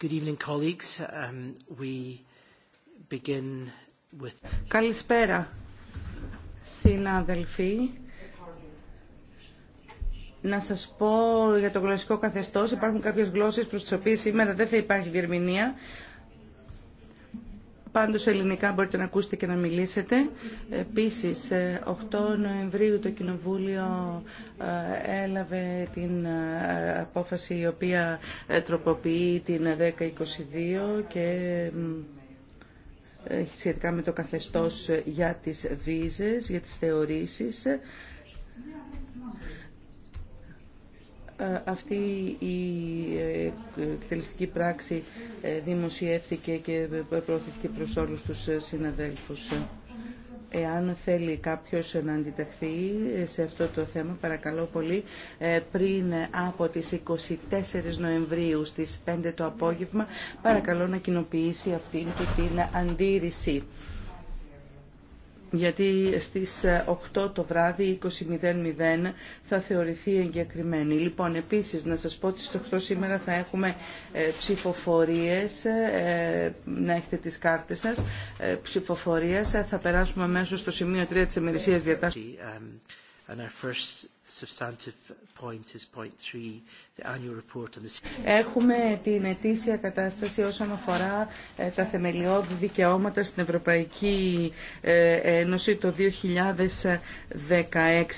Um, Καλησπέρα, συναδελφοί. Να σας πω για το γλωσσικό καθεστώς. Υπάρχουν κάποιες γλώσσες προς τις οποίες σήμερα δεν θα υπάρχει διερμηνία, Πάντως ελληνικά μπορείτε να ακούσετε και να μιλήσετε. Επίσης, 8 ε, Νοεμβρίου το Κοινοβούλιο ε, έλαβε την ε, απόφαση η οποία τροποποιεί την 1022 και σχετικά με το καθεστώς για τις βίζες, για τις θεωρήσεις Ε, αυτή η ε, εκτελεστική πράξη ε, δημοσιεύθηκε και προωθήθηκε προς όλους τους συναδέλφους. Εάν θέλει κάποιος να αντιταχθεί σε αυτό το θέμα, παρακαλώ πολύ, πριν από τις 24 Νοεμβρίου στις 5 το απόγευμα, παρακαλώ να κοινοποιήσει αυτήν του την αντίρρηση γιατί στις 8 ε, το βράδυ 20.00 θα θεωρηθεί εγκεκριμένη. Λοιπόν, επίσης να σας πω ότι στις 8 σήμερα θα έχουμε ε, ψηφοφορίες, ε, να έχετε τις κάρτες σας, ε, ψηφοφορίες. Θα περάσουμε αμέσως στο σημείο 3 της εμερισίας Διάτάσταση. Ε, Έχουμε την ετήσια κατάσταση όσον αφορά ε, τα θεμελιώδη δικαιώματα στην Ευρωπαϊκή ε, Ένωση το 2016.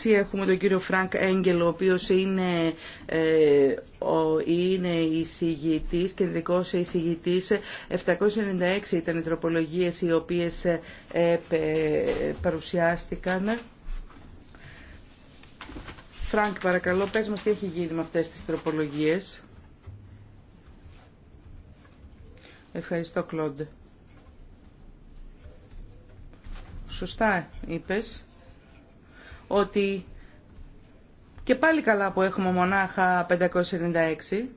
Έχουμε τον κύριο Φρανκ Έγγελ, ο οποίος είναι ε, ο, είναι κεντρικός εισηγητής. 796 ήταν οι τροπολογίες οι οποίες παρουσιάστηκαν. Φρανκ, παρακαλώ, πες μας τι έχει γίνει με αυτές τις τροπολογίες. Ευχαριστώ, Κλοντ. Σωστά είπες ότι και πάλι καλά που έχουμε μονάχα 596,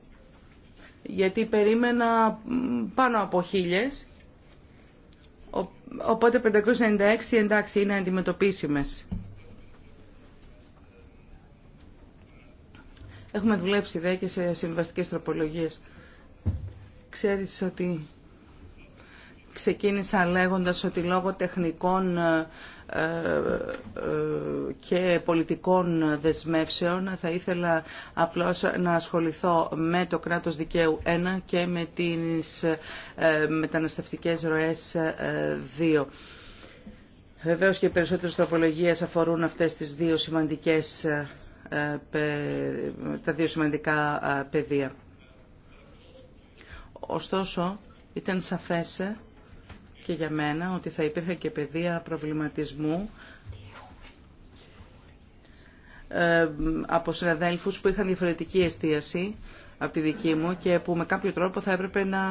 γιατί περίμενα πάνω από χίλιες, οπότε 596 εντάξει είναι αντιμετωπίσιμες. Έχουμε δουλέψει δε και σε συμβαστικέ τροπολογίες. Ξέρει ότι ξεκίνησα λέγοντας ότι λόγω τεχνικών ε, ε, και πολιτικών δεσμεύσεων θα ήθελα απλώς να ασχοληθώ με το κράτος δικαίου 1 και με τις ε, μεταναστευτικές ροές 2. Βεβαίως και οι περισσότερες τροπολογίες αφορούν αυτές τις δύο σημαντικές ε, τα δύο σημαντικά ε, πεδία. Ωστόσο, ήταν σαφές και για μένα ότι θα υπήρχε και πεδία προβληματισμού ε, από συναδέλφους που είχαν διαφορετική εστίαση από τη δική μου και που με κάποιο τρόπο θα έπρεπε να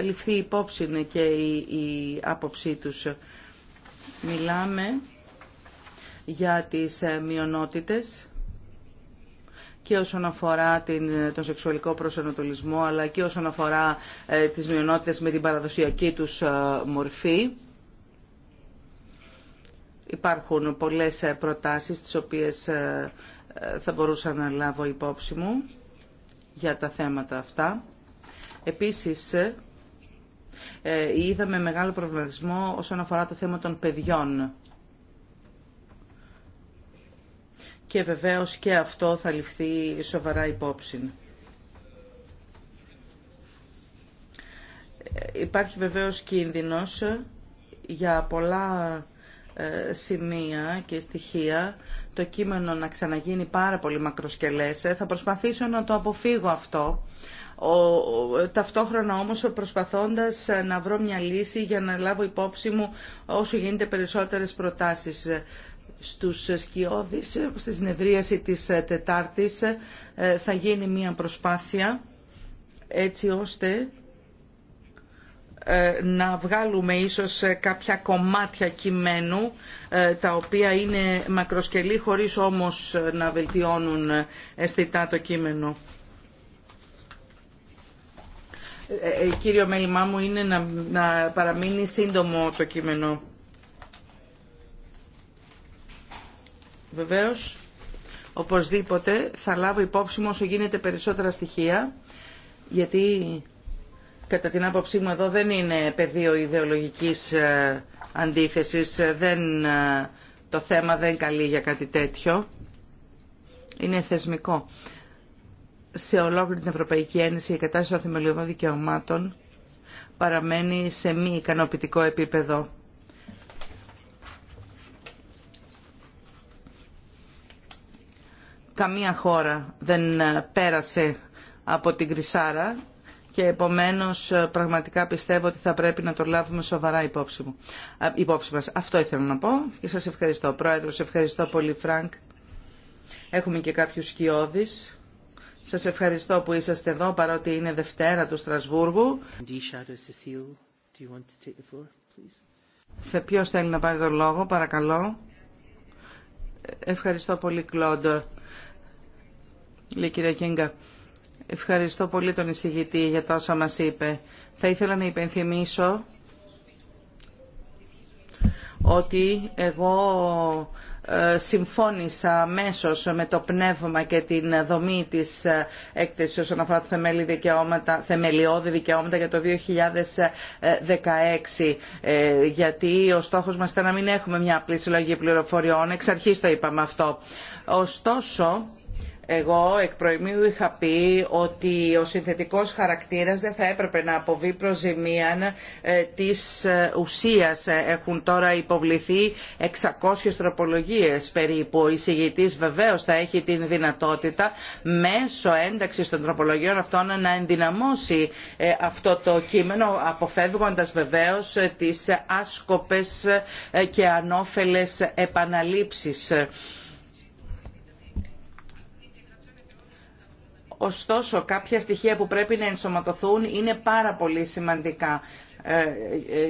ληφθεί υπόψη και η, η άποψή τους. Μιλάμε για τις μειονότητες και όσον αφορά την, τον σεξουαλικό προσανατολισμό αλλά και όσον αφορά ε, τις μειονότητες με την παραδοσιακή τους ε, μορφή. Υπάρχουν πολλές ε, προτάσεις τις οποίες ε, θα μπορούσα να λάβω υπόψη μου για τα θέματα αυτά. Επίσης, είδαμε μεγάλο προβληματισμό όσον αφορά το θέμα των παιδιών και βεβαίως και αυτό θα ληφθεί σοβαρά υπόψη. Υπάρχει βεβαίως κίνδυνος για πολλά ε, σημεία και στοιχεία το κείμενο να ξαναγίνει πάρα πολύ μακροσκελές. Ε, θα προσπαθήσω να το αποφύγω αυτό, ταυτόχρονα όμως προσπαθώντας ε, να βρω μια λύση για να λάβω υπόψη μου όσο γίνεται περισσότερες προτάσεις στους σκιώδεις στη συνεδρίαση της ε, Τετάρτης ε, θα γίνει μια προσπάθεια έτσι ώστε ε, να βγάλουμε ίσως κάποια κομμάτια κειμένου τα οποία είναι μακροσκελή χωρίς όμως να βελτιώνουν αισθητά το κείμενο. Κύριο μέλημά μου είναι να, να παραμείνει σύντομο το κείμενο. Βεβαίως, οπωσδήποτε θα λάβω υπόψη μου όσο γίνεται περισσότερα στοιχεία, γιατί κατά την άποψή μου εδώ δεν είναι πεδίο ιδεολογικής ε, αντίθεσης, ε, δεν, ε, το θέμα δεν καλεί για κάτι τέτοιο, είναι θεσμικό. Σε ολόκληρη την Ευρωπαϊκή Ένωση η κατάσταση των θεμελιωδών δικαιωμάτων παραμένει σε μη ικανοποιητικό επίπεδο καμία χώρα δεν ε, πέρασε από την Κρυσάρα και επομένως ε, πραγματικά πιστεύω ότι θα πρέπει να το λάβουμε σοβαρά υπόψη, μου, ε, μας. Αυτό ήθελα να πω και σας ευχαριστώ. Πρόεδρος, ευχαριστώ πολύ Φρανκ. Έχουμε και κάποιους σκιώδεις. Σας ευχαριστώ που είσαστε εδώ παρότι είναι Δευτέρα του Στρασβούργου. E ποιος θέλει να πάρει τον λόγο, παρακαλώ. Ευχαριστώ πολύ Κλόντο λέει η Ευχαριστώ πολύ τον εισηγητή για τα όσα μας είπε. Θα ήθελα να υπενθυμίσω ότι εγώ ε, συμφώνησα αμέσω με το πνεύμα και την δομή της ε, έκθεσης όσον αφορά τα θεμελιώδη δικαιώματα, θεμελιώδη δικαιώματα για το 2016 ε, γιατί ο στόχος μας ήταν να μην έχουμε μια απλή συλλογή πληροφοριών εξ αρχής το είπαμε αυτό. Ωστόσο εγώ εκ προημίου είχα πει ότι ο συνθετικός χαρακτήρας δεν θα έπρεπε να αποβεί προζημίαν ε, της ε, ουσίας. Ε, έχουν τώρα υποβληθεί 600 τροπολογίες περίπου. Ο εισηγητής βεβαίως θα έχει την δυνατότητα μέσω ένταξης των τροπολογιών αυτών να ενδυναμώσει αυτό το κείμενο αποφεύγοντας βεβαίως τις άσκοπες και ανώφελες επαναλήψεις. Ωστόσο, κάποια στοιχεία που πρέπει να ενσωματωθούν είναι πάρα πολύ σημαντικά. Ε, ε,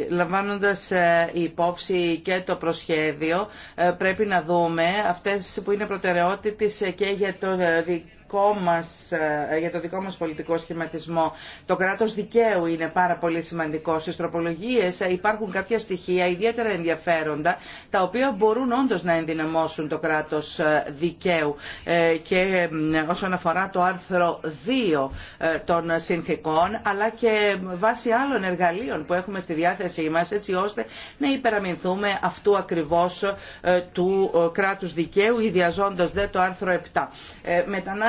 λαμβάνοντας ε, υπόψη και το προσχέδιο, πρέπει να δούμε αυτές που είναι προτεραιότητες και για το δικό μας, ε, για το δικό μας πολιτικό σχηματισμό. Το κράτος δικαίου είναι πάρα πολύ σημαντικό. Στις τροπολογίες ε, υπάρχουν κάποια στοιχεία ιδιαίτερα ενδιαφέροντα, τα οποία μπορούν όντως να ενδυναμώσουν το κράτος ε, δικαίου. Και όσον αφορά το άρθρο 2 των συνθήκων, αλλά και βάσει άλλων εργαλείων που έχουμε στη διάθεσή μας, έτσι ώστε να υπεραμεινθούμε αυτού ακριβώς του κράτους δικαίου, ιδιαζόντως δε το άρθρο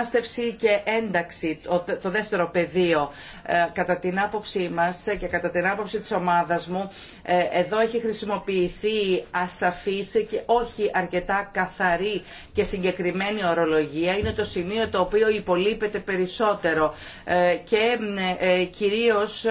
7 και ένταξη, το δεύτερο πεδίο. Ε, κατά την άποψή μας και κατά την άποψη της ομάδας μου, ε, εδώ έχει χρησιμοποιηθεί ασαφής και όχι αρκετά καθαρή και συγκεκριμένη ορολογία. Είναι το σημείο το οποίο υπολείπεται περισσότερο ε, και κυρίως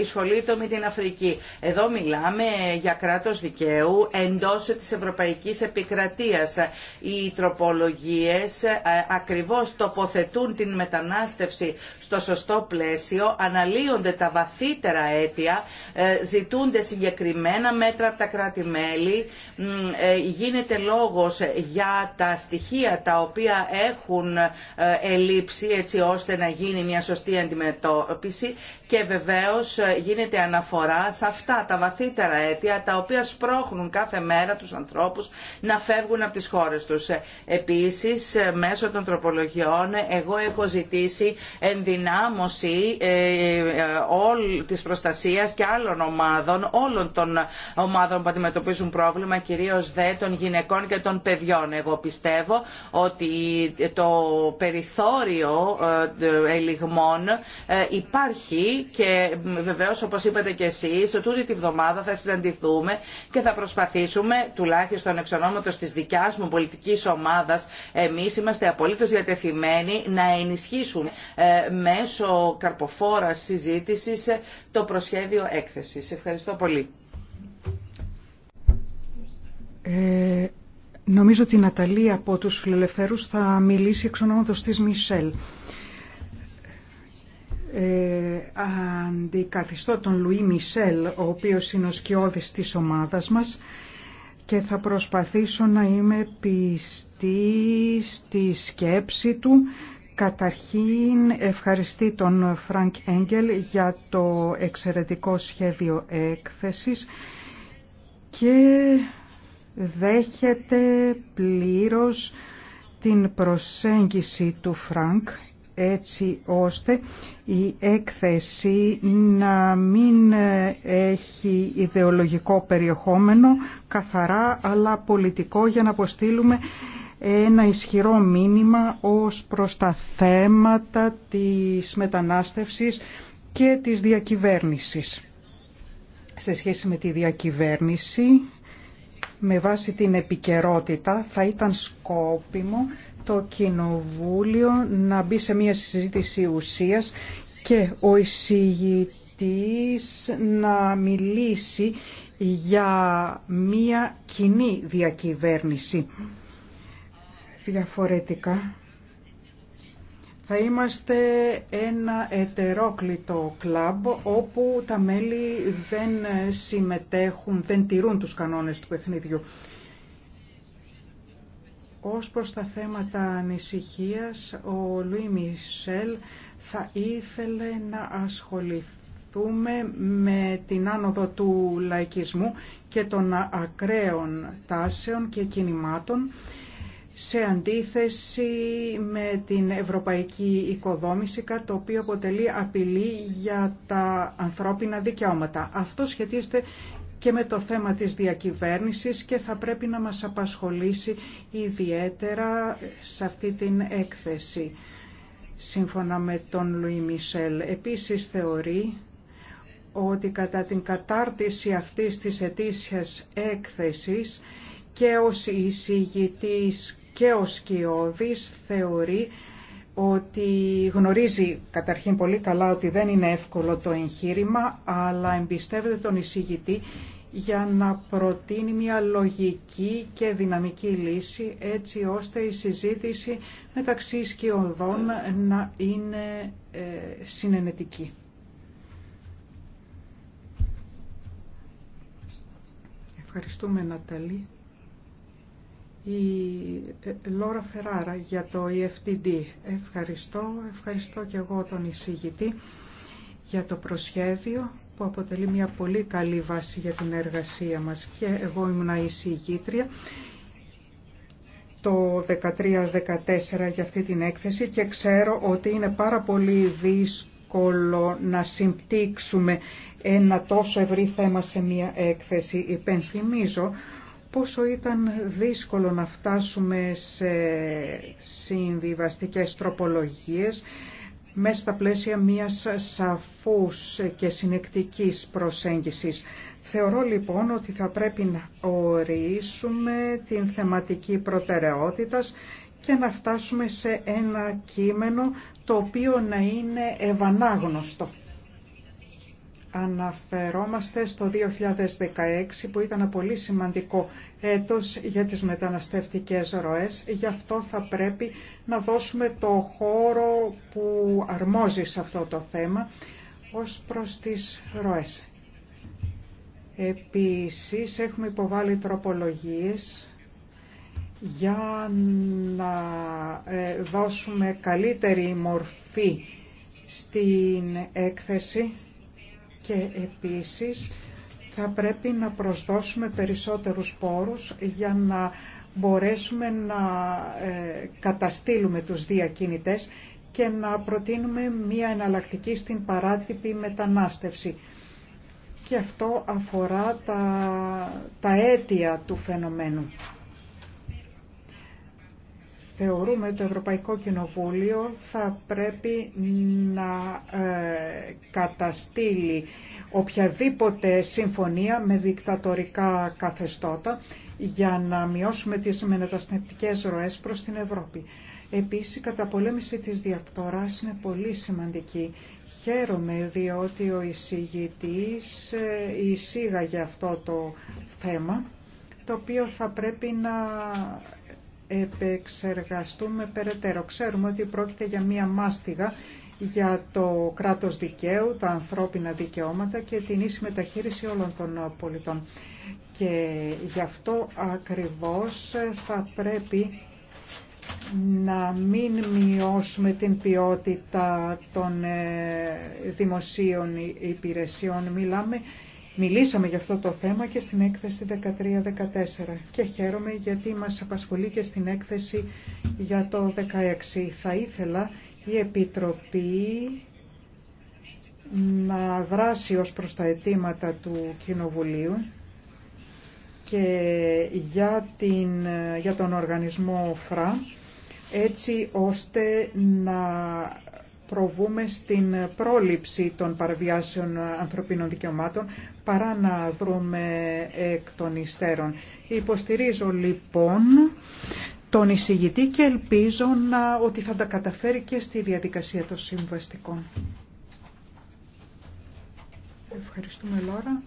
ισχολείται με την Αφρική. Εδώ μιλάμε για κράτος δικαίου εντός της Ευρωπαϊκής Επικρατείας. Οι τροπολογίες ακριβώς το τοποθετούν την μετανάστευση στο σωστό πλαίσιο, αναλύονται τα βαθύτερα αίτια, ε, ζητούνται συγκεκριμένα μέτρα από τα κράτη-μέλη, ε, γίνεται λόγος για τα στοιχεία τα οποία έχουν ελείψει έτσι ώστε να γίνει μια σωστή αντιμετώπιση και βεβαίως ε, γίνεται αναφορά σε αυτά τα βαθύτερα αίτια τα οποία σπρώχνουν κάθε μέρα τους ανθρώπους να φεύγουν από τις χώρες τους. Επίσης μέσω των τροπολογιών Λοιπόν, εγώ έχω ζητήσει ενδυνάμωση ε, ε, της προστασίας και άλλων ομάδων, όλων των ομάδων που αντιμετωπίζουν πρόβλημα, κυρίως δε των γυναικών και των παιδιών. Εγώ πιστεύω ότι το περιθώριο ε, ελιγμών υπάρχει και βεβαίως όπως είπατε και εσείς, τούτη τη βδομάδα θα συναντηθούμε και θα προσπαθήσουμε, τουλάχιστον εξ ονόματος της δικιάς μου πολιτικής ομάδας, εμείς είμαστε απολύτως διατεθειμένοι να ενισχύσουν ε, μέσω καρποφόρας συζήτησης ε, το προσχέδιο έκθεσης. Ευχαριστώ πολύ. Ε, νομίζω ότι η Ναταλή από τους φιλελευθέρους θα μιλήσει εξ ονόματος της Μισελ. Ε, αντικαθιστώ τον Λουί Μισελ, ο οποίος είναι ο σκιώδης της ομάδας μας και θα προσπαθήσω να είμαι πιστή στη σκέψη του. Καταρχήν ευχαριστεί τον Φρανκ Έγγελ για το εξαιρετικό σχέδιο έκθεσης και δέχεται πλήρως την προσέγγιση του Φρανκ έτσι ώστε η έκθεση να μην έχει ιδεολογικό περιεχόμενο καθαρά αλλά πολιτικό για να αποστείλουμε ένα ισχυρό μήνυμα ως προς τα θέματα της μετανάστευσης και της διακυβέρνησης. Σε σχέση με τη διακυβέρνηση, με βάση την επικαιρότητα, θα ήταν σκόπιμο το Κοινοβούλιο να μπει σε μια συζήτηση ουσίας και ο εισηγητής να μιλήσει για μια κοινή διακυβέρνηση. Διαφορετικά θα είμαστε ένα ετερόκλητο κλαμπ όπου τα μέλη δεν συμμετέχουν, δεν τηρούν τους κανόνες του παιχνίδιου. Ως προς τα θέματα ανησυχίας, ο Λουί Μισελ θα ήθελε να ασχοληθούμε με την άνοδο του λαϊκισμού και των ακραίων τάσεων και κινημάτων σε αντίθεση με την ευρωπαϊκή οικοδόμηση, κάτι το οποίο αποτελεί απειλή για τα ανθρώπινα δικαιώματα. Αυτό σχετίζεται και με το θέμα της διακυβέρνησης και θα πρέπει να μας απασχολήσει ιδιαίτερα σε αυτή την έκθεση. Σύμφωνα με τον Λουί Μισελ, επίσης θεωρεί ότι κατά την κατάρτιση αυτής της ετήσιας έκθεσης και ως εισηγητής και ως Σκιώδης θεωρεί ότι γνωρίζει καταρχήν πολύ καλά ότι δεν είναι εύκολο το εγχείρημα, αλλά εμπιστεύεται τον εισηγητή για να προτείνει μια λογική και δυναμική λύση έτσι ώστε η συζήτηση μεταξύ σκιωδών να είναι ε, συνενετική. Ευχαριστούμε Ναταλή. Η ε, Λόρα Φεράρα για το EFTD. Ευχαριστώ, ευχαριστώ και εγώ τον εισηγητή για το προσχέδιο που αποτελεί μια πολύ καλή βάση για την εργασία μας και εγώ ήμουνα εισηγήτρια το 13-14 για αυτή την έκθεση και ξέρω ότι είναι πάρα πολύ δύσκολο να συμπτύξουμε ένα τόσο ευρύ θέμα σε μια έκθεση. Υπενθυμίζω πόσο ήταν δύσκολο να φτάσουμε σε συνδυαστικέ τροπολογίες μέσα στα πλαίσια μιας σαφούς και συνεκτικής προσέγγισης. Θεωρώ λοιπόν ότι θα πρέπει να ορίσουμε την θεματική προτεραιότητα και να φτάσουμε σε ένα κείμενο το οποίο να είναι ευανάγνωστο. Αναφερόμαστε στο 2016 που ήταν ένα πολύ σημαντικό έτος για τις μεταναστευτικές ροές. Γι' αυτό θα πρέπει να δώσουμε το χώρο που αρμόζει σε αυτό το θέμα ως προς τις ροές. Επίσης έχουμε υποβάλει τροπολογίες για να ε, δώσουμε καλύτερη μορφή στην έκθεση και επίσης θα πρέπει να προσδώσουμε περισσότερους πόρους για να μπορέσουμε να ε, καταστήλουμε τους διακίνητες και να προτείνουμε μία εναλλακτική στην παράτυπη μετανάστευση. Και αυτό αφορά τα, τα αίτια του φαινομένου. Θεωρούμε ότι το Ευρωπαϊκό Κοινοβούλιο θα πρέπει να ε, καταστήλει οποιαδήποτε συμφωνία με δικτατορικά καθεστώτα για να μειώσουμε τις μεταστατικές ροές προς την Ευρώπη. Επίσης, η καταπολέμηση της διαφθοράς είναι πολύ σημαντική. Χαίρομαι διότι ο εισηγητής ε, εισήγαγε αυτό το θέμα, το οποίο θα πρέπει να επεξεργαστούμε περαιτέρω. Ξέρουμε ότι πρόκειται για μία μάστιγα για το κράτος δικαίου, τα ανθρώπινα δικαιώματα και την ίση μεταχείριση όλων των πολιτών. Και γι' αυτό ακριβώς θα πρέπει να μην μειώσουμε την ποιότητα των ε, δημοσίων υπηρεσιών. Μιλάμε Μιλήσαμε για αυτό το θέμα και στην έκθεση 13-14 και χαίρομαι γιατί μας απασχολεί και στην έκθεση για το 16. Θα ήθελα η Επιτροπή να δράσει ως προς τα αιτήματα του Κοινοβουλίου και για, την, για τον οργανισμό ΦΡΑ έτσι ώστε να προβούμε στην πρόληψη των παραβιάσεων ανθρωπίνων δικαιωμάτων παρά να βρούμε εκ των υστέρων. Υποστηρίζω λοιπόν τον εισηγητή και ελπίζω να, ότι θα τα καταφέρει και στη διαδικασία των συμβαστικών. Ευχαριστούμε Λόρα.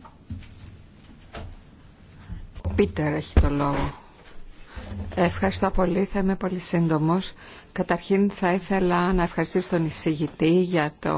Ο Πίτερ έχει το λόγο. Ευχαριστώ πολύ. Θα είμαι πολύ σύντομος. Καταρχήν θα ήθελα να ευχαριστήσω τον εισηγητή για το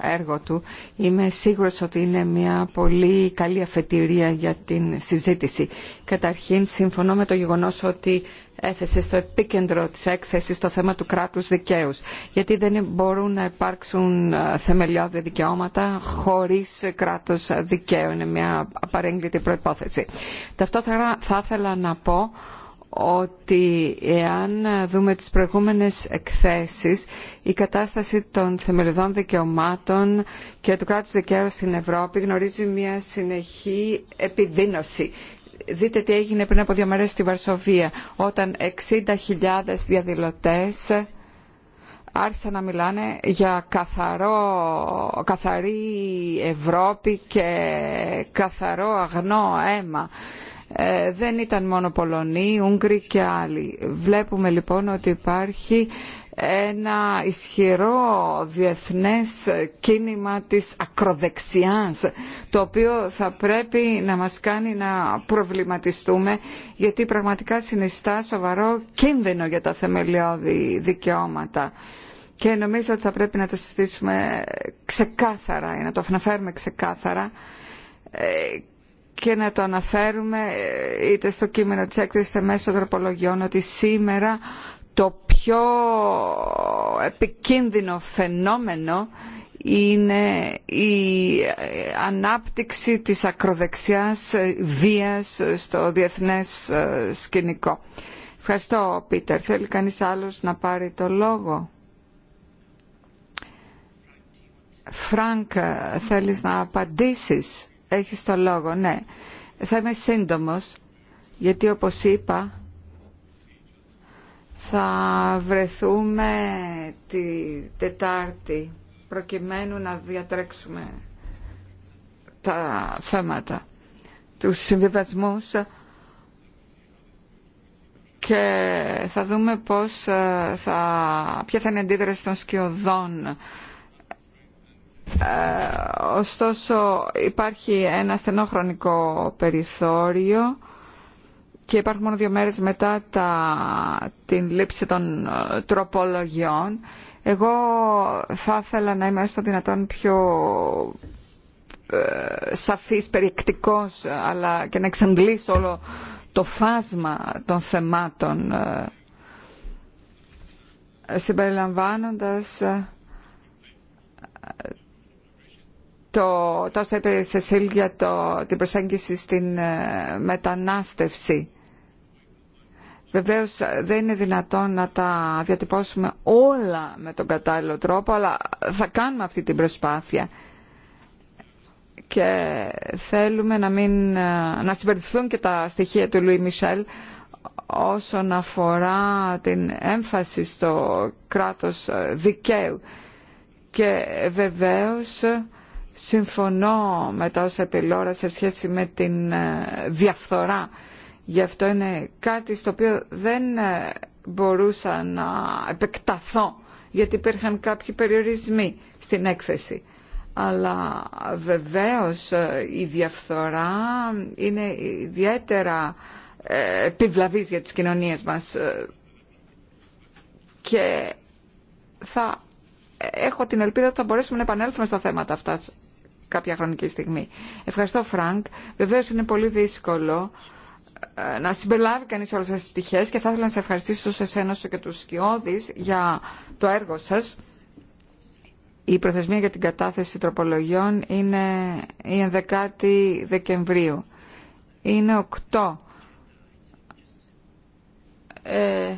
έργο του. Είμαι σίγουρος ότι είναι μια πολύ καλή αφετηρία για την συζήτηση. Καταρχήν συμφωνώ με το γεγονός ότι έθεσε στο επίκεντρο της έκθεσης το θέμα του κράτους δικαίους. Γιατί δεν μπορούν να υπάρξουν ε, θεμελιώδη δικαιώματα χωρίς κράτος δικαίου. Είναι μια απαρέγκλητη προϋπόθεση. Ταυτόχρονα θα ήθελα να πω ότι εάν δούμε τις προηγούμενες εκθέσεις η κατάσταση των θεμελιωδών δικαιωμάτων και του κράτους δικαίου στην Ευρώπη γνωρίζει μια συνεχή επιδείνωση. Δείτε τι έγινε πριν από δύο μέρες στη Βαρσοβία όταν 60.000 διαδηλωτές άρχισαν να μιλάνε για καθαρό, καθαρή Ευρώπη και καθαρό αγνό αίμα. Ε, δεν ήταν μόνο Πολωνοί, Ούγγροι και άλλοι. Βλέπουμε λοιπόν ότι υπάρχει ένα ισχυρό διεθνές κίνημα της ακροδεξιάς το οποίο θα πρέπει να μας κάνει να προβληματιστούμε γιατί πραγματικά συνιστά σοβαρό κίνδυνο για τα θεμελιώδη δικαιώματα και νομίζω ότι θα πρέπει να το συζητήσουμε ξεκάθαρα ή να το αναφέρουμε ξεκάθαρα ε, και να το αναφέρουμε ε, είτε στο κείμενο της έκθεσης είτε μέσω τροπολογιών ότι σήμερα το πιο επικίνδυνο φαινόμενο είναι η ε, ανάπτυξη της ακροδεξιάς ε, βίας στο διεθνές σκηνικό. Ευχαριστώ, Πίτερ. Θέλει κανείς άλλος να πάρει το λόγο. Φρανκ, θέλεις να απαντήσεις έχει το λόγο, ναι. Θα είμαι σύντομος, γιατί όπως είπα, θα βρεθούμε τη Τετάρτη, προκειμένου να διατρέξουμε τα θέματα, του συμβιβασμούς και θα δούμε πώς ε, θα, ποια θα είναι η αντίδραση των σκιωδών ε, ωστόσο υπάρχει ένα στενό χρονικό περιθώριο και υπάρχουν μόνο δύο μέρες μετά τα, την λήψη των ε, τροπολογιών. Εγώ θα ήθελα να είμαι έστω δυνατόν πιο ε, σαφής, περιεκτικός, αλλά και να εξαντλήσω όλο το φάσμα των θεμάτων, ε, συμπεριλαμβάνοντας το, τόσο είπε η Σεσίλ για το, την προσέγγιση στην ε, μετανάστευση. Βεβαίως ε, δεν είναι δυνατόν να τα διατυπώσουμε όλα με τον κατάλληλο τρόπο, αλλά θα κάνουμε αυτή την προσπάθεια. Και θέλουμε να, μην, ε, να συμπεριφθούν και τα στοιχεία του Λουί Μισελ όσον αφορά την έμφαση στο κράτος δικαίου. Και βεβαίως Συμφωνώ με τα όσα Λόρα σε σχέση με την ε, διαφθορά. Γι' αυτό είναι κάτι στο οποίο δεν ε, μπορούσα να επεκταθώ γιατί υπήρχαν κάποιοι περιορισμοί στην έκθεση. Αλλά βεβαίως ε, η διαφθορά είναι ιδιαίτερα επιβλαβής για τις κοινωνίες μας και θα έχω την ελπίδα ότι θα μπορέσουμε να επανέλθουμε στα θέματα αυτά κάποια χρονική στιγμή. Ευχαριστώ, Φρανκ. Βεβαίω είναι πολύ δύσκολο ε, να συμπεριλάβει κανείς όλες τις πτυχέ και θα ήθελα να σε ευχαριστήσω σε εσένα και του Σκιώδη για το έργο σας. Η προθεσμία για την κατάθεση τροπολογιών είναι η 11η Δεκεμβρίου. Είναι 8. Ε,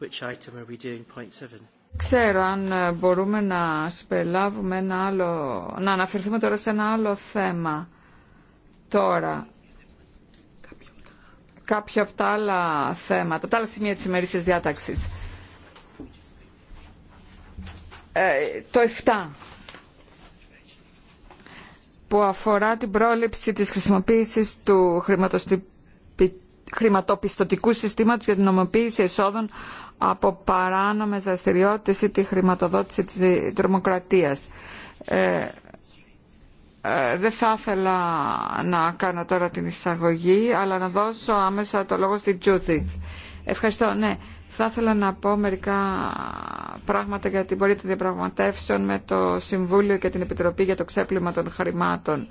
Which item are we doing, ξέρω αν ε, μπορούμε να συμπεριλάβουμε ένα άλλο... να αναφερθούμε τώρα σε ένα άλλο θέμα τώρα. κάποιο από τα άλλα θέματα, από τα άλλα σημεία της ημερήσιας διάταξης. Ε, το 7 που αφορά την πρόληψη της χρησιμοποίησης του χρηματοπιστωτικού συστήματος για την νομοποίηση εσόδων από παράνομες δραστηριότητες ή τη χρηματοδότηση της τρομοκρατίας. Ε, ε, δεν θα ήθελα να κάνω τώρα την εισαγωγή, αλλά να δώσω άμεσα το λόγο στην Τζούθιτ. Ευχαριστώ. Ναι, θα ήθελα να πω μερικά πράγματα για την πορεία των διαπραγματεύσεων με το Συμβούλιο και την Επιτροπή για το ξέπλυμα των χρημάτων.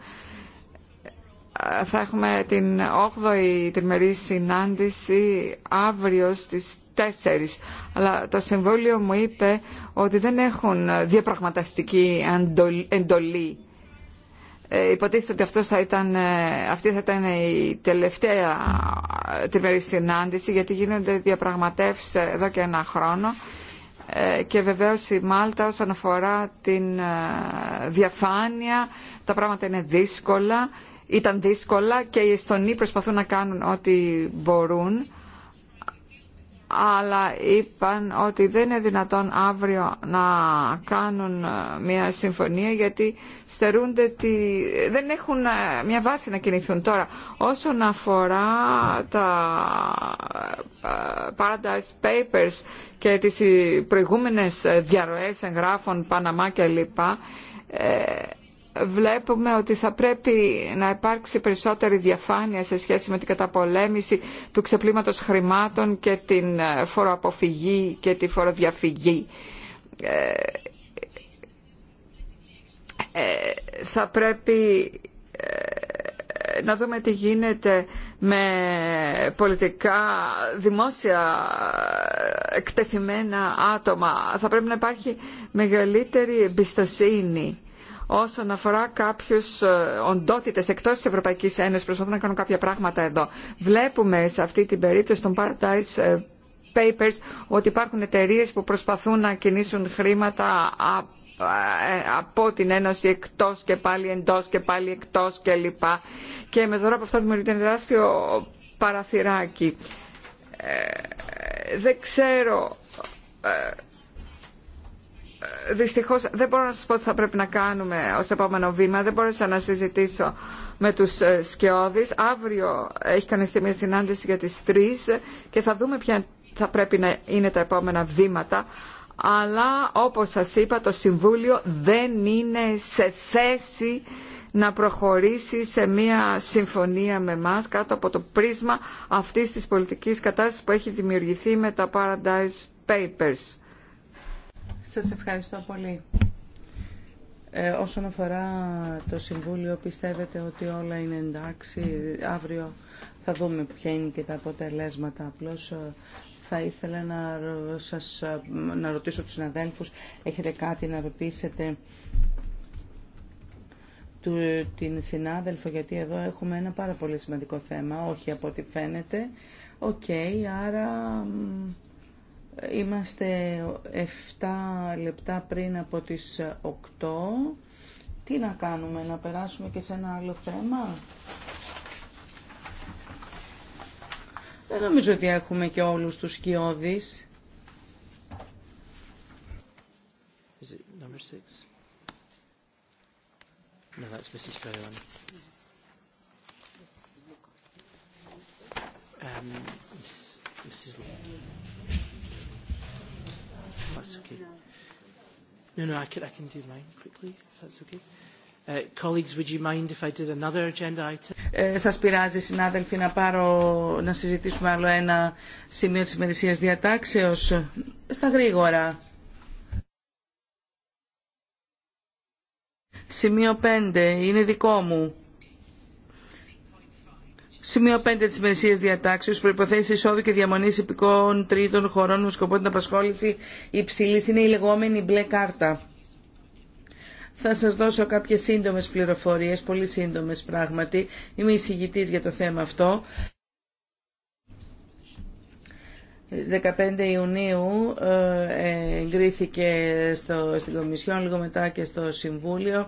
Ε, θα έχουμε την 8η τριμερή συνάντηση αύριο στις τέσσερις. Αλλά το Συμβούλιο μου είπε ότι δεν έχουν διαπραγματευτική εντολή. Ε, υποτίθεται ότι αυτός θα ήταν, ε, αυτή θα ήταν η τελευταία ε, τριμερή συνάντηση γιατί γίνονται διαπραγματεύσεις εδώ και ένα χρόνο και βεβαίως η Μάλτα όσον αφορά την διαφάνεια τα πράγματα είναι δύσκολα ήταν δύσκολα και οι Εστονοί προσπαθούν να κάνουν ό,τι μπορούν αλλά είπαν ότι δεν είναι δυνατόν αύριο να κάνουν ε, μια συμφωνία γιατί στερούνται δεν έχουν ε, μια βάση να κινηθούν τώρα. Όσον αφορά τα ε, Paradise Papers και τις προηγούμενες διαρροές εγγράφων Παναμά και λοιπά, βλέπουμε ότι θα πρέπει να υπάρξει περισσότερη διαφάνεια σε σχέση με την καταπολέμηση του ξεπλήματος χρημάτων και την ε, φοροαποφυγή και τη φοροδιαφυγή. Ε, ε, θα πρέπει να δούμε τι γίνεται με πολιτικά δημόσια εκτεθειμένα άτομα. Θα πρέπει να υπάρχει μεγαλύτερη εμπιστοσύνη όσον αφορά κάποιου ε, οντότητε εκτό τη Ευρωπαϊκή Ένωση προσπαθούν να κάνουν κάποια πράγματα εδώ. Βλέπουμε σε αυτή την περίπτωση των Paradise ε, Papers ότι υπάρχουν εταιρείε που προσπαθούν να κινήσουν χρήματα ε, από την Ένωση εκτό και πάλι εντό και πάλι εκτό, κλπ. Και, με τώρα από αυτό δημιουργείται ένα τεράστιο παραθυράκι. Ε, δεν ξέρω Δυστυχώ, δεν μπορώ να σα πω τι θα πρέπει να κάνουμε ως επόμενο βήμα. Δεν μπόρεσα να συζητήσω με τους ε, σκιώδει. Αύριο έχει τη μια συνάντηση για τι τρει και θα δούμε ποια θα πρέπει να είναι τα επόμενα βήματα. Αλλά όπως σα είπα το Συμβούλιο δεν είναι σε θέση να προχωρήσει σε μια συμφωνία με εμά κάτω από το πρίσμα αυτής της πολιτικής κατάστασης που έχει δημιουργηθεί με τα Paradise Papers σας ευχαριστώ πολύ. Ε, όσον αφορά το Συμβούλιο, πιστεύετε ότι όλα είναι εντάξει. Αύριο θα δούμε ποια είναι και τα αποτελέσματα. Απλώς ε, θα ήθελα να, σας, ε, να ρωτήσω τους συναδέλφους, έχετε κάτι να ρωτήσετε του, την συνάδελφο, γιατί εδώ έχουμε ένα πάρα πολύ σημαντικό θέμα, όχι από ό,τι φαίνεται. Οκ, άρα Είμαστε 7 λεπτά πριν από τις 8. Τι να κάνουμε, να περάσουμε και σε ένα άλλο θέμα. Δεν νομίζω ότι έχουμε και όλους τους σκιώδεις. Is it number six? that's Mrs. Um, That's okay. No, no, I can, I can do mine quickly, if that's okay. Uh, colleagues, would you mind if I did another agenda item? Ε, σας πειράζει, συνάδελφοι, να, πάρω, να συζητήσουμε άλλο ένα σημείο της ημερησίας διατάξεως στα γρήγορα. Σημείο 5. Είναι δικό μου. Σημείο 5 της ημερησία διατάξεω. Προποθέσει εισόδου και διαμονή υπηκών τρίτων χωρών με σκοπό την απασχόληση υψηλή είναι η λεγόμενη μπλε κάρτα. Θα σας δώσω κάποιες σύντομες πληροφορίες, πολύ σύντομες πράγματι. Είμαι εισηγητής για το θέμα αυτό. 15 Ιουνίου ε, εγκρίθηκε στο, στην Κομισιόν, λίγο μετά και στο Συμβούλιο.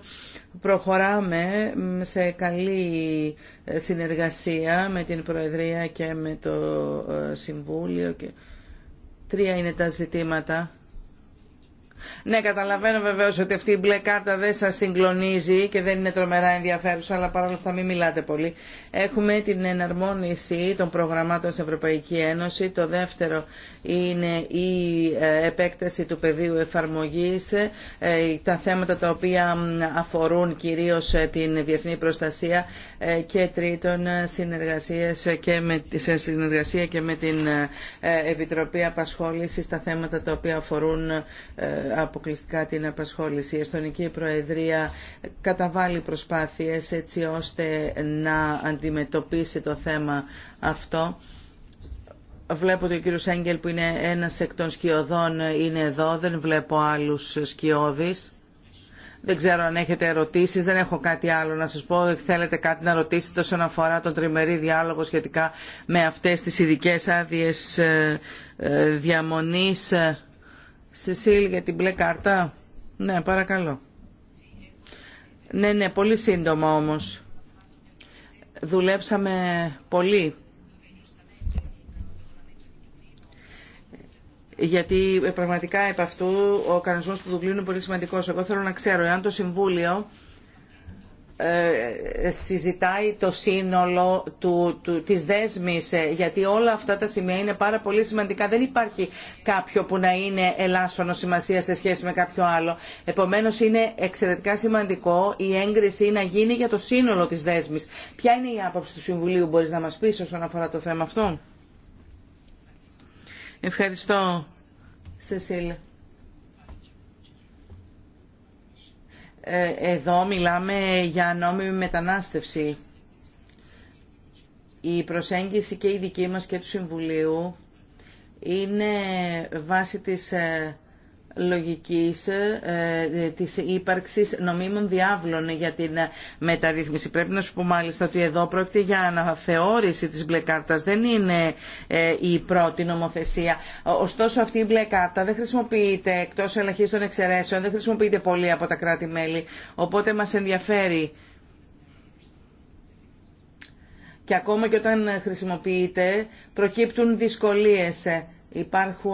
Προχωράμε σε καλή συνεργασία με την Προεδρία και με το ε, Συμβούλιο. Τρία είναι τα ζητήματα ναι, καταλαβαίνω βεβαίω ότι αυτή η μπλε κάρτα δεν σα συγκλονίζει και δεν είναι τρομερά ενδιαφέρουσα, αλλά παρόλα αυτά μην μιλάτε πολύ. Έχουμε την εναρμόνιση των προγραμμάτων στην Ευρωπαϊκή Ένωση. Το δεύτερο είναι η ε, επέκταση του πεδίου εφαρμογής, τα θέματα τα οποία αφορούν κυρίω την διεθνή προστασία και τρίτον σε συνεργασία και με την Επιτροπή Απασχόληση τα θέματα τα οποία αφορούν αποκλειστικά την απασχόληση. Η Εστονική Προεδρία καταβάλει προσπάθειες έτσι ώστε να αντιμετωπίσει το θέμα αυτό. Βλέπω ότι ο κύριος Έγγελ που είναι ένας εκ των σκιωδών είναι εδώ, δεν βλέπω άλλους σκιώδεις. Δεν ξέρω αν έχετε ερωτήσεις, δεν έχω κάτι άλλο να σας πω. Θέλετε κάτι να ρωτήσετε όσον αφορά τον τριμερή διάλογο σχετικά με αυτές τις ειδικέ άδειε ε, ε, διαμονής. Σεσίλ για την μπλε κάρτα. Ναι, παρακαλώ. Ναι, ναι, πολύ σύντομα όμως. Δουλέψαμε πολύ. Γιατί ε, πραγματικά επ' αυτού ο κανονισμός του Δουβλίνου είναι πολύ σημαντικός. Εγώ θέλω να ξέρω εάν το Συμβούλιο ε, συζητάει το σύνολο του, του, της δέσμης ε, γιατί όλα αυτά τα σημεία είναι πάρα πολύ σημαντικά. Δεν υπάρχει κάποιο που να είναι ελάσσονο σημασία σε σχέση με κάποιο άλλο. Επομένως είναι εξαιρετικά σημαντικό η έγκριση να γίνει για το σύνολο της δέσμης. Ποια είναι η άποψη του Συμβουλίου μπορείς να μας πεις όσον αφορά το θέμα αυτό. Ευχαριστώ Σεσίλ. Ε, εδώ μιλάμε για νόμιμη μετανάστευση. Η προσέγγιση και η δική μας και του Συμβουλίου είναι βάση της ε, λογικής ε, ε, της ύπαρξης νομίμων διάβλων για την ε, μεταρρύθμιση. Πρέπει να σου πω μάλιστα ότι εδώ πρόκειται για αναθεώρηση της μπλε κάρτας. Δεν είναι ε, η πρώτη νομοθεσία. Ωστόσο αυτή η μπλε κάρτα δεν χρησιμοποιείται εκτός ελαχίστων εξαιρέσεων, δεν χρησιμοποιείται πολύ από τα κράτη-μέλη. Οπότε μας ενδιαφέρει και ακόμα και όταν χρησιμοποιείται προκύπτουν δυσκολίες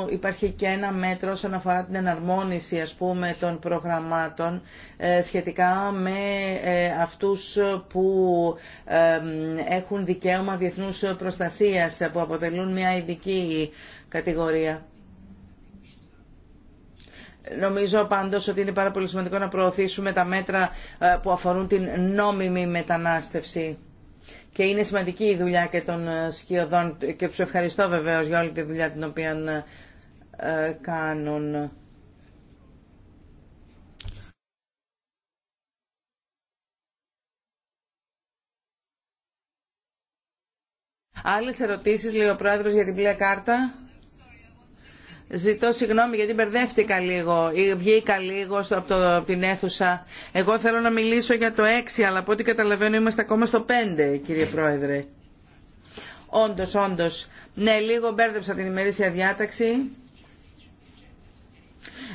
υπάρχει και ένα μέτρο όσον αφορά την εναρμόνιση ας πούμε των προγραμμάτων ε, σχετικά με ε, αυτούς που ε, έχουν δικαίωμα διεθνούς προστασίας που αποτελούν μια ειδική κατηγορία. Νομίζω πάντως ότι είναι πάρα πολύ σημαντικό να προωθήσουμε τα μέτρα που αφορούν την νόμιμη μετανάστευση και είναι σημαντική η δουλειά και των ε, σκιωδών και τους ευχαριστώ βεβαίως για όλη τη δουλειά την οποία ε, κάνουν. Άλλες ερωτήσεις, λέει ο Πρόεδρος, για την μπλε κάρτα. Ζητώ συγγνώμη γιατί μπερδεύτηκα λίγο ή βγήκα λίγο από, την αίθουσα. Εγώ θέλω να μιλήσω για το 6, αλλά από ό,τι καταλαβαίνω είμαστε ακόμα στο 5, κύριε Πρόεδρε. Όντω, όντω. Ναι, λίγο μπέρδεψα την ημερήσια διάταξη.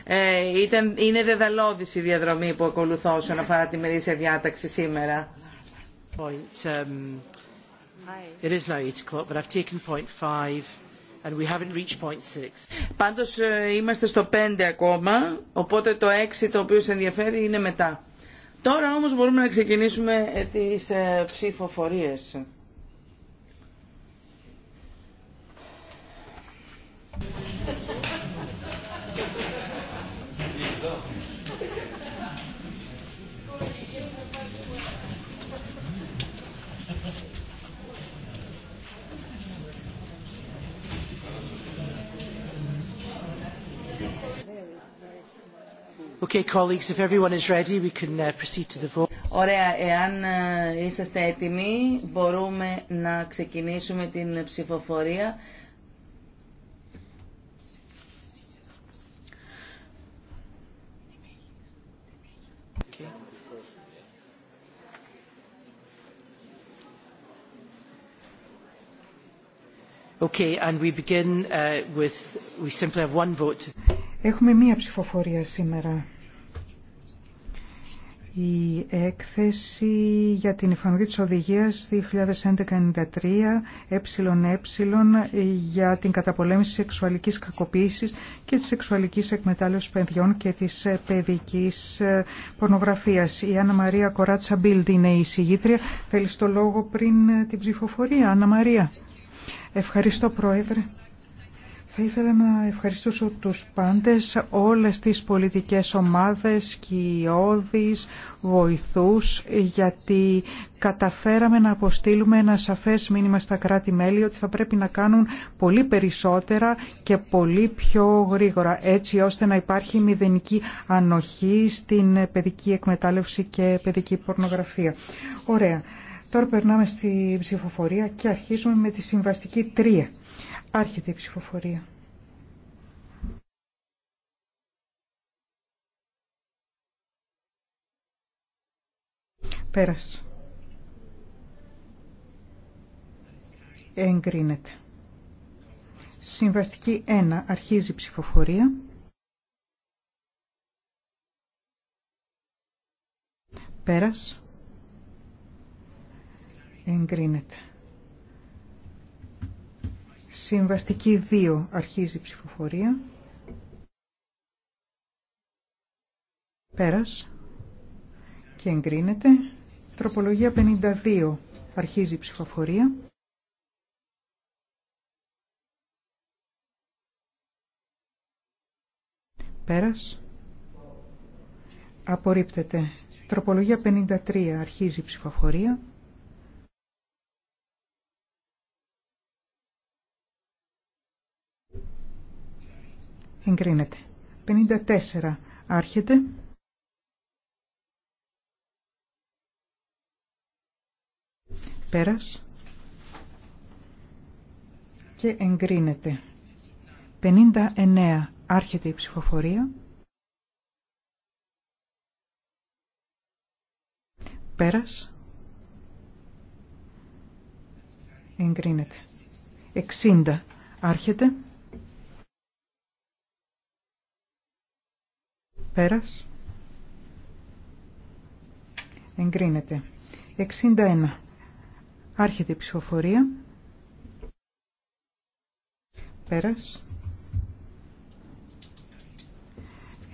Ε, ήταν, είναι δεδαλώδηση η διαδρομή που ακολουθώ όσον αφορά την ημερήσια διάταξη σήμερα. Point, um, it is now 8 o'clock, but I've taken point And we haven't reached Πάντως ε, είμαστε στο 5 ακόμα, οπότε το 6 το οποίο σε ενδιαφέρει είναι μετά. Τώρα όμως μπορούμε να ξεκινήσουμε ε, τις ε, ψηφοφορίες. Okay, colleagues, if everyone is ready, we can proceed to the vote. Ωραία, εάν είσαστε έτοιμοι, μπορούμε να ξεκινήσουμε την ψηφοφορία. Okay, and we begin with we simply have one vote. Έχουμε μία ψηφοφορία σήμερα. Η έκθεση για την εφαρμογή της οδηγίας 2011-93 ΕΕ για την καταπολέμηση σεξουαλικής κακοποίησης και της σεξουαλικής εκμετάλλευσης παιδιών και της ε, παιδικής ε, πορνογραφίας. Η Άννα Μαρία Κοράτσα Μπίλντ είναι η συγγήτρια. Θέλεις το λόγο πριν ε, την ψηφοφορία, Άννα Μαρία. Ευχαριστώ Πρόεδρε. Θα ήθελα να ευχαριστήσω τους πάντες, όλες τις πολιτικές ομάδες, κοιόδης, βοηθούς, γιατί καταφέραμε να αποστείλουμε ένα σαφές μήνυμα στα κράτη-μέλη ότι θα πρέπει να κάνουν πολύ περισσότερα και πολύ πιο γρήγορα, έτσι ώστε να υπάρχει μηδενική ανοχή στην παιδική εκμετάλλευση και παιδική πορνογραφία. Ωραία. Τώρα περνάμε στη ψηφοφορία και αρχίζουμε με τη συμβαστική 3. Άρχεται η ψηφοφορία. Πέρας. Εγκρίνεται. Συμβαστική 1. Αρχίζει η ψηφοφορία. Πέρας. Εγκρίνεται. Συμβαστική 2 αρχίζει ψηφοφορία. Πέρας και εγκρίνεται. Τροπολογία 52 αρχίζει ψηφοφορία. Πέρας. Απορρίπτεται. Τροπολογία 53 αρχίζει ψηφοφορία. εγκρίνεται. 54 άρχεται. Πέρας. Και εγκρίνεται. 59 άρχεται η ψηφοφορία. Πέρας. Εγκρίνεται. 60 άρχεται. Πέρας. Εγκρίνεται. 61. Άρχεται η ψηφοφορία. Πέρας.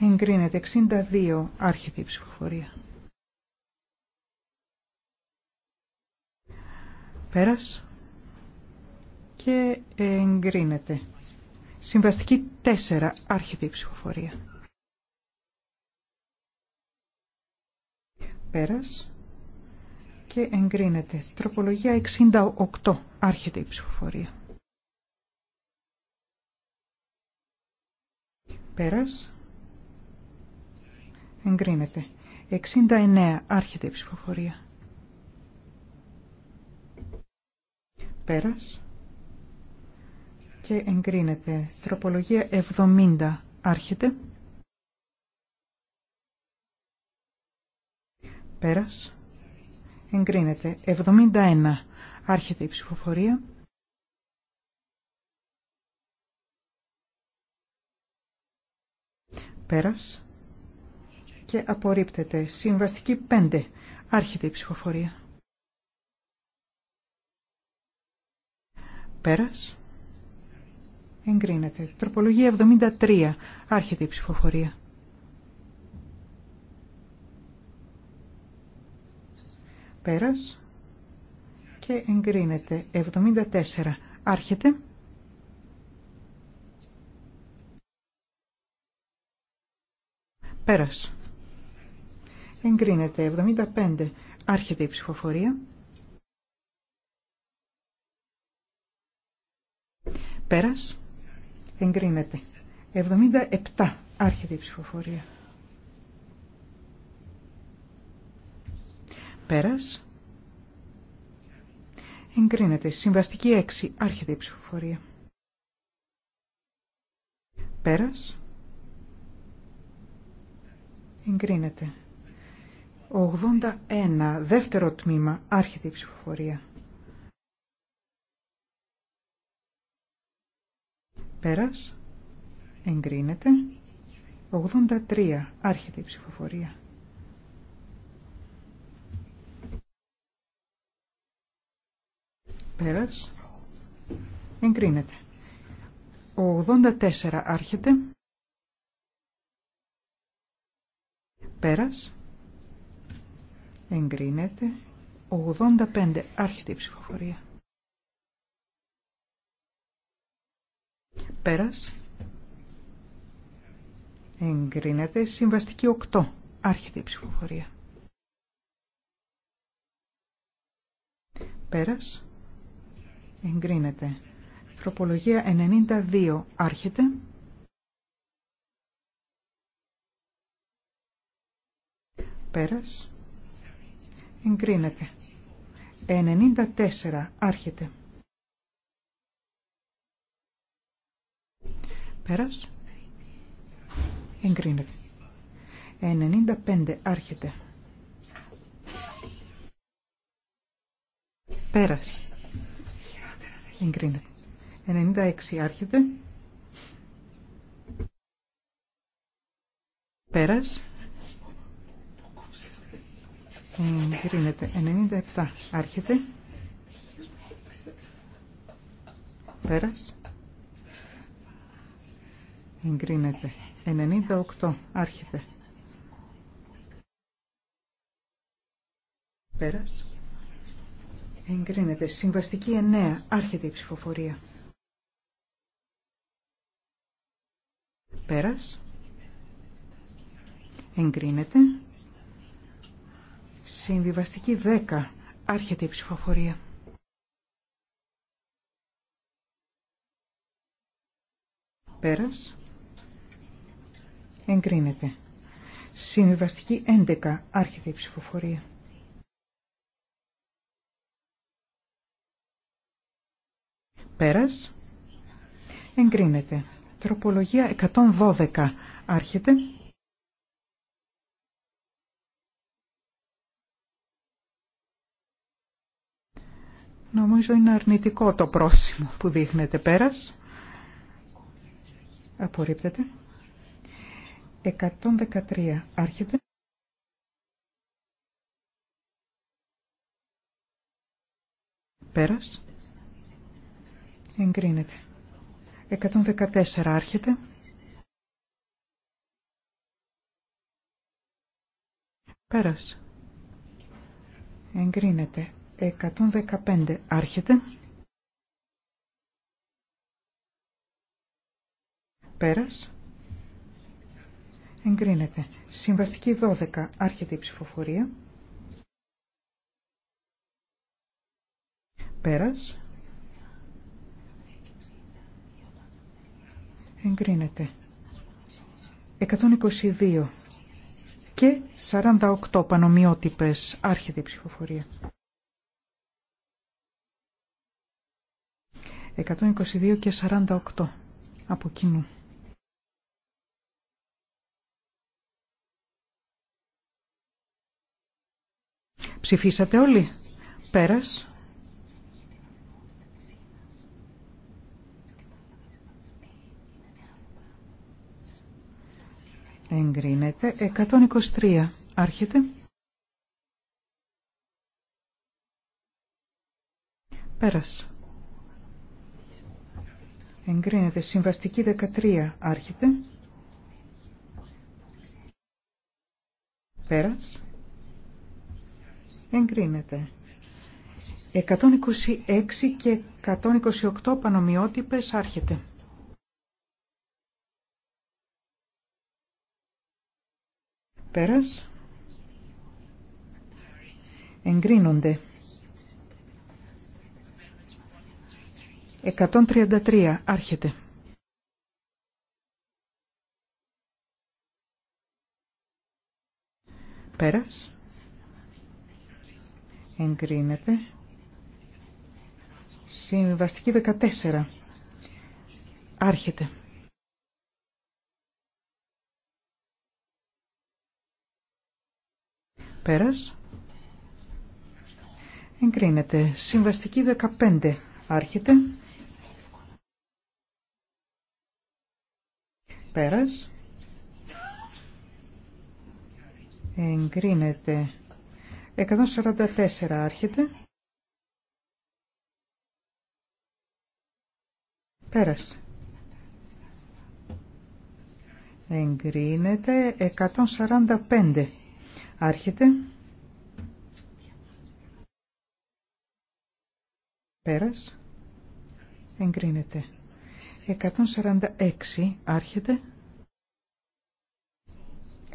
Εγκρίνεται. 62. Άρχεται η ψηφοφορία. Πέρας. Και εγκρίνεται. Συμβαστική 4. Άρχεται η ψηφοφορία. πέρας και εγκρίνεται. Τροπολογία 68. Άρχεται η ψηφοφορία. Πέρας. Εγκρίνεται. 69. Άρχεται η ψηφοφορία. Πέρας. Και εγκρίνεται. Τροπολογία 70. Άρχεται. Πέρας. Εγκρίνεται. 71. Άρχεται η ψηφοφορία. Πέρας. Και απορρίπτεται. Συμβαστική 5. Άρχεται η ψηφοφορία. Πέρας. Εγκρίνεται. Τροπολογία 73. Άρχεται η ψηφοφορία. Πέρας. Και εγκρίνεται. 74. Άρχεται. Πέρας. Εγκρίνεται. 75. Άρχεται η ψηφοφορία. Πέρας. Εγκρίνεται. 77. Άρχεται η ψηφοφορία. Πέρας. Εγκρίνεται. Συμβαστική 6. Άρχεται η ψηφοφορία. Πέρας. Εγκρίνεται. 81. Δεύτερο τμήμα. Άρχεται η ψηφοφορία. Πέρας. Εγκρίνεται. 83. Άρχεται η ψηφοφορία. Πέρας. Εγκρίνεται. 84 άρχεται. Πέρας. Εγκρίνεται. 85 άρχεται η ψηφοφορία. Πέρας. Εγκρίνεται. Συμβαστική 8 άρχεται η ψηφοφορία. Πέρας. Εγκρίνεται. Τροπολογία 92. Άρχεται. Πέρας. Εγκρίνεται. 94. Άρχεται. Πέρας. Εγκρίνεται. 95. Άρχεται. Πέρας. Εγκρίνεται. 96 άρχεται. Πέρας. Εγκρίνεται. 97 άρχεται. Πέρας. Εγκρίνεται. 98 άρχεται. Πέρας. Εγκρίνεται. Συμβαστική 9. Άρχεται η ψηφοφορία. Πέρας. Εγκρίνεται. Συμβιβαστική 10. Άρχεται η ψηφοφορία. Πέρας. Εγκρίνεται. Συμβιβαστική 11. Άρχεται η ψηφοφορία. Πέρας. Εγκρίνεται. Τροπολογία 112. Άρχεται. Νομίζω είναι αρνητικό το πρόσημο που δείχνεται πέρας. Απορρίπτεται. 113. Άρχεται. Πέρας. Εγκρίνεται. 114 άρχεται. Πέρας. Εγκρίνεται. 115 άρχεται. Πέρας. Εγκρίνεται. Συμβαστική 12 άρχεται η ψηφοφορία. Πέρας. Εγκρίνεται. 122 και 48 πανομοιότυπες άρχεται η ψηφοφορία. 122 και 48 από κοινού. Ψηφίσατε όλοι. Πέρας. εγκρίνεται. 123 άρχεται. Πέρας. Εγκρίνεται. Συμβαστική 13 άρχεται. Πέρας. Εγκρίνεται. 126 και 128 πανομοιότυπες άρχεται. Πέρας. Εγκρίνονται. 133. Άρχεται. Πέρας. Εγκρίνεται. Συμβαστική 14. Άρχεται. Πέρας. Εγκρίνεται. Συμβαστική 15. Άρχεται. Πέρας. Εγκρίνεται. 144 άρχεται. Πέρας, Εγκρίνεται 145 Άρχεται. Πέρας. Εγκρίνεται. 146. Άρχεται.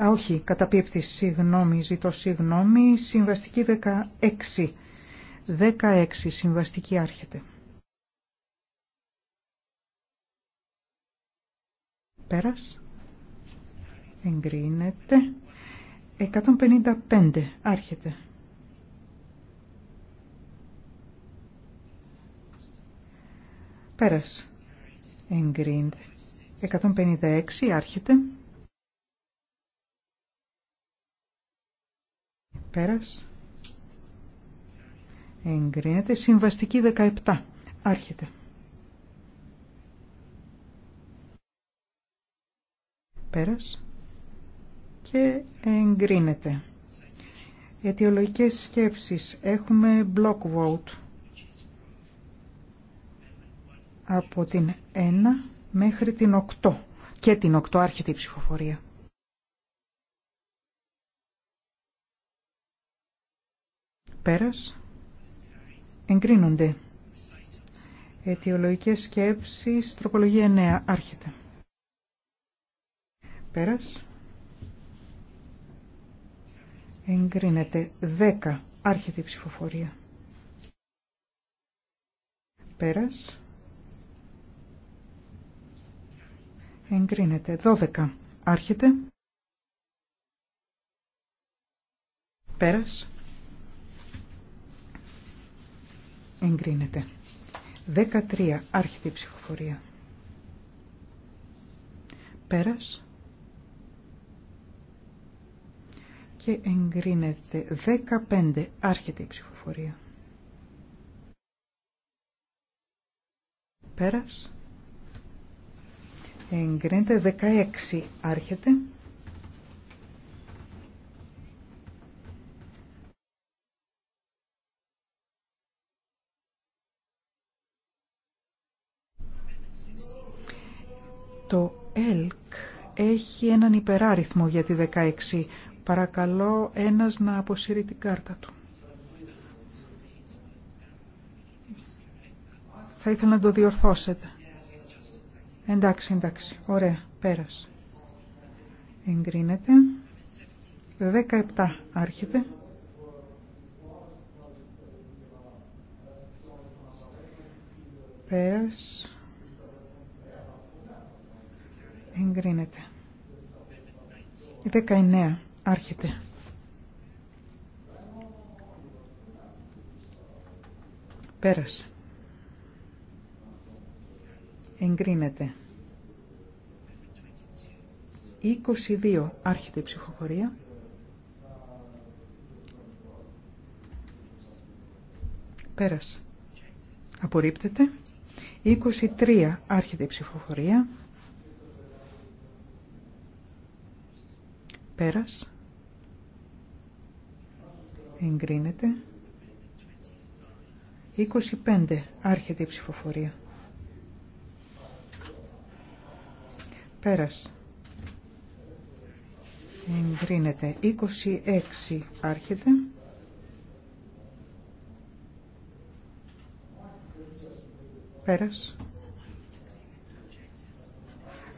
Α, όχι, καταπίπτει. Συγγνώμη, ζητώ συγγνώμη. Συμβαστική 16. 16. Συμβαστική άρχεται. Πέρας. Εγκρίνεται. 155 άρχεται. Πέρας. Εγκρίνεται. 156 άρχεται. Πέρας. Εγκρίνεται. Συμβαστική 17 άρχεται. Πέρας και εγκρίνεται. Αιτιολογικές σκέψεις. Έχουμε block vote από την 1 μέχρι την 8 και την 8 άρχεται η ψηφοφορία. Πέρας. Εγκρίνονται. Αιτιολογικές σκέψεις. Τροπολογία 9 άρχεται. Πέρας εγκρίνεται 10 άρχεται η ψηφοφορία πέρας εγκρίνεται 12 άρχεται πέρας εγκρίνεται 13 άρχεται η ψηφοφορία πέρας και εγκρίνεται 15. Άρχεται η ψηφοφορία. Πέρας. Εγκρίνεται 16. Άρχεται. Το ΕΛΚ έχει έναν υπεράριθμο για τη 16 Παρακαλώ ένας να αποσύρει την κάρτα του. Θα ήθελα να το διορθώσετε. Εντάξει, εντάξει. Ωραία. Πέρασε. Εγκρίνεται. 17 άρχεται. Πέρας. Εγκρίνεται. 19 Άρχεται. Πέρασε. Εγκρίνεται. 22. Άρχεται η ψηφοφορία. Πέρασε. Απορρίπτεται. 23. Άρχεται η ψηφοφορία. Πέρας εγκρίνεται. 25 άρχεται η ψηφοφορία. Πέρας. Εγκρίνεται. 26 άρχεται. Πέρας.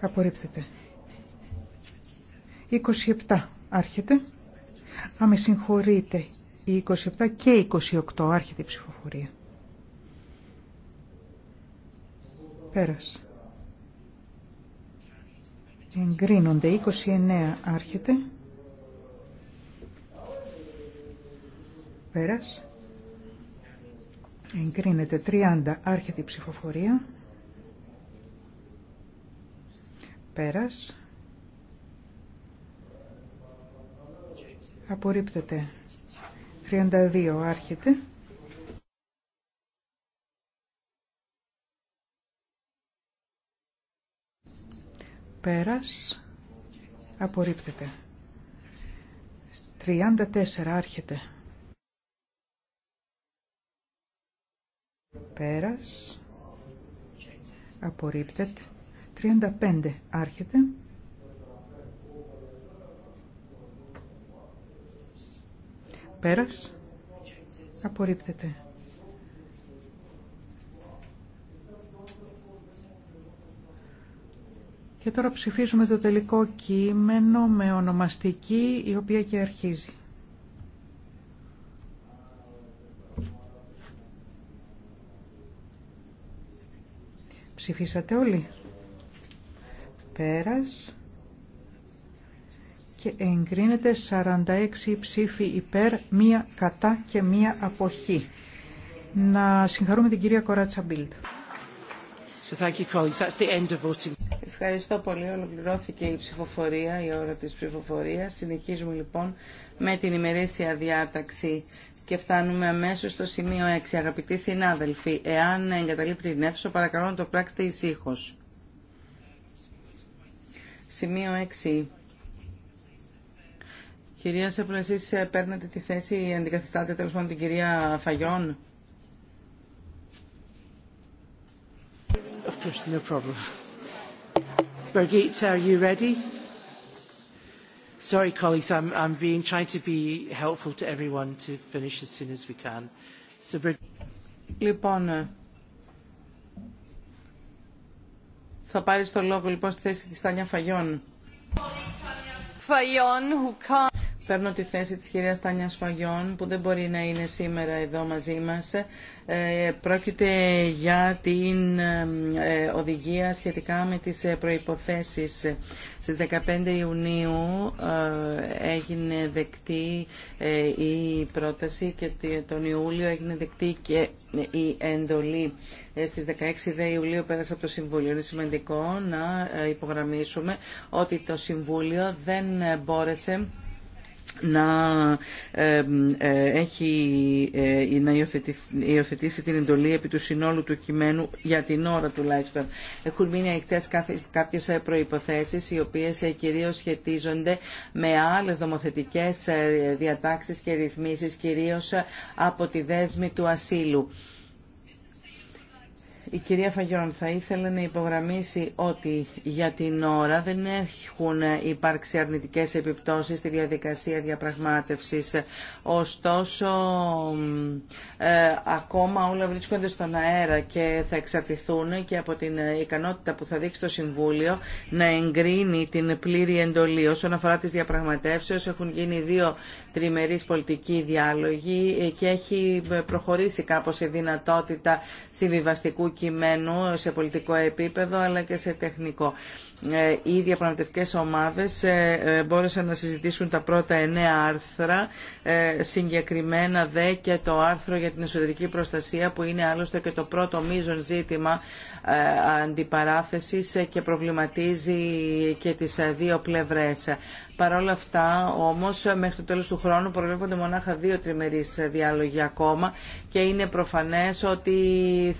Απορρίπτεται. 27 άρχεται. Α, συγχωρείτε η 27 και 28 άρχεται η ψηφοφορία. Πέρασε. Εγκρίνονται. 29 άρχεται. Πέρας. Εγκρίνεται. 30 άρχεται η ψηφοφορία. Πέρας. Απορρίπτεται. 32 άρχεται. Πέρας. Απορρίπτεται. 34 άρχεται. Πέρας. Απορρίπτεται. 35 άρχεται. Πέρας. Απορρίπτεται. Και τώρα ψηφίζουμε το τελικό κείμενο με ονομαστική η οποία και αρχίζει. Ψηφίσατε όλοι. Πέρας και εγκρίνεται 46 ψήφοι υπέρ, μία κατά και μία αποχή. Να συγχαρούμε την κυρία Κοράτσα Μπίλτ. Ευχαριστώ πολύ. Ολοκληρώθηκε η ψηφοφορία, η ώρα της ψηφοφορίας. Συνεχίζουμε λοιπόν με την ημερήσια διάταξη και φτάνουμε αμέσως στο σημείο 6. Αγαπητοί συνάδελφοι, εάν εγκαταλείπετε την αίθουσα, παρακαλώ να το πράξετε ησύχως. Σημείο 6 Κυρία Σέπουλα, εσεί ε, παίρνετε τη θέση, αντικαθιστάτε τέλο πάντων την κυρία Φαγιόν. Of course, no problem. Birgit, are you ready? Sorry, colleagues, I'm, I'm being, trying to be helpful to everyone to finish as soon as we can. So, Λοιπόν, ε, θα πάρει το λόγο λοιπόν στη θέση της Τάνια Φαγιών. Φαγιών, who can't... Παίρνω τη θέση της κυρίας Τάνια Σφαγιών που δεν μπορεί να είναι σήμερα εδώ μαζί μας. Ε, πρόκειται για την ε, οδηγία σχετικά με τις ε, προϋποθέσεις. Στις 15 Ιουνίου έγινε δεκτή η πρόταση και τον Ιούλιο έγινε δεκτή και η εντολή. Στις 16 Ιουλίου πέρασε από το Συμβούλιο. Είναι σημαντικό να υπογραμμίσουμε ότι το Συμβούλιο δεν μπόρεσε να, ε, έχει, ε, να υιοθετήσει την εντολή επί του συνόλου του κειμένου για την ώρα τουλάχιστον. Έχουν μείνει ανοιχτέ κάποιες προϋποθέσεις οι οποίες ε, κυρίως σχετίζονται με άλλες νομοθετικές διατάξεις και ρυθμίσεις κυρίως από τη δέσμη του ασύλου. Η κυρία Φαγιόν θα ήθελε να υπογραμμίσει ότι για την ώρα δεν έχουν υπάρξει αρνητικές επιπτώσεις στη διαδικασία διαπραγμάτευσης. Ωστόσο, ε, ακόμα όλα βρίσκονται στον αέρα και θα εξαρτηθούν και από την ικανότητα που θα δείξει το Συμβούλιο να εγκρίνει την πλήρη εντολή. Όσον αφορά τις διαπραγματεύσεις, έχουν γίνει δύο τριμερείς πολιτικοί διάλογοι και έχει προχωρήσει κάπως η δυνατότητα συμβιβαστικού σε πολιτικό επίπεδο αλλά και σε τεχνικό. Ε, οι διαπραγματευτικές ομάδες ε, ε, μπόρεσαν να συζητήσουν τα πρώτα εννέα άρθρα, συγκεκριμένα δε και το άρθρο για την εσωτερική προστασία που είναι άλλωστε και το πρώτο μείζον ζήτημα αντιπαράθεσης και προβληματίζει και τις δύο πλευρές. Παρ' όλα αυτά όμως μέχρι το τέλος του χρόνου προβλέπονται μονάχα δύο τριμερεί διάλογοι ακόμα και είναι προφανές ότι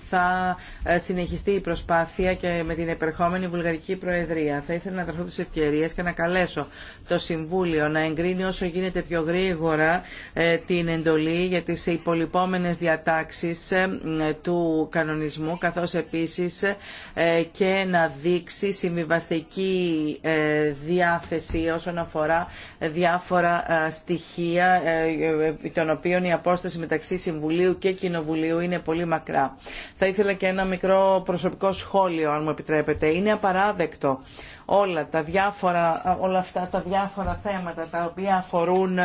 θα ε, συνεχιστεί η προσπάθεια και με την επερχόμενη Βουλγαρική Προεδρία. Θα ήθελα να δραχθώ τι ευκαιρίες και να καλέσω το Συμβούλιο να εγκρίνει όσο γίνεται πιο γρήγορα ε, την εντολή για τι υπολοιπόμενες διατάξεις ε, του κανονισμού καθώς επίσης και να δείξει συμβιβαστική διάθεση όσον αφορά αφορά διάφορα ε, στοιχεία ε, ε, των οποίων η απόσταση μεταξύ Συμβουλίου και Κοινοβουλίου είναι πολύ μακρά. Θα ήθελα και ένα μικρό προσωπικό σχόλιο, αν μου επιτρέπετε. Είναι απαράδεκτο όλα τα διάφορα, όλα αυτά τα διάφορα θέματα τα οποία αφορούν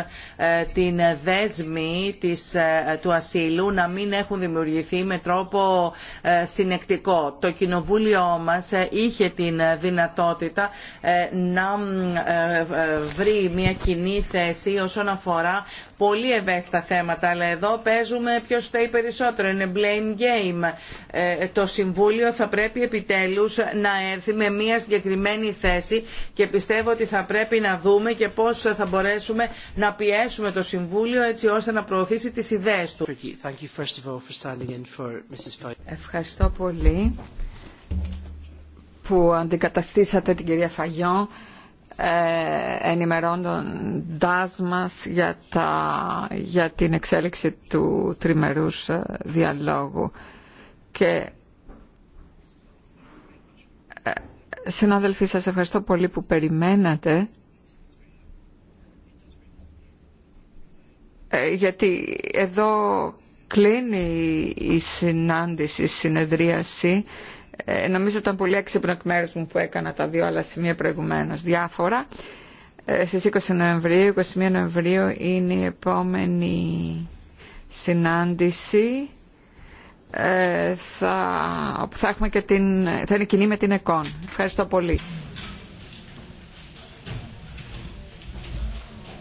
την δέσμη της, του ασύλου να μην έχουν δημιουργηθεί με τρόπο συνεκτικό. Το κοινοβούλιο μας είχε την δυνατότητα να βρει μια κοινή θέση όσον αφορά πολύ ευαίσθητα θέματα, αλλά εδώ παίζουμε ποιο φταίει περισσότερο, είναι blame game. Ε, το Συμβούλιο θα πρέπει επιτέλους να έρθει με μια συγκεκριμένη θέση και πιστεύω ότι θα πρέπει να δούμε και πώς θα μπορέσουμε να πιέσουμε το Συμβούλιο έτσι ώστε να προωθήσει τις ιδέες του. Ευχαριστώ πολύ που αντικαταστήσατε την κυρία Φαγιόν ε, ενημερώνοντάς μας για, για την εξέλιξη του τριμερούς ε, διαλόγου. Και ε, συνάδελφοι, σας ευχαριστώ πολύ που περιμένατε γιατί εδώ κλείνει η συνάντηση, η συνεδρίαση ε, νομίζω ήταν πολύ έξυπνο εκ μέρους μου που έκανα τα δύο άλλα σημεία προηγουμένως διάφορα. Στι ε, στις 20 Νοεμβρίου, 21 Νοεμβρίου είναι η επόμενη συνάντηση ε, θα, θα, έχουμε και την, θα είναι κοινή με την ΕΚΟΝ. Ευχαριστώ πολύ.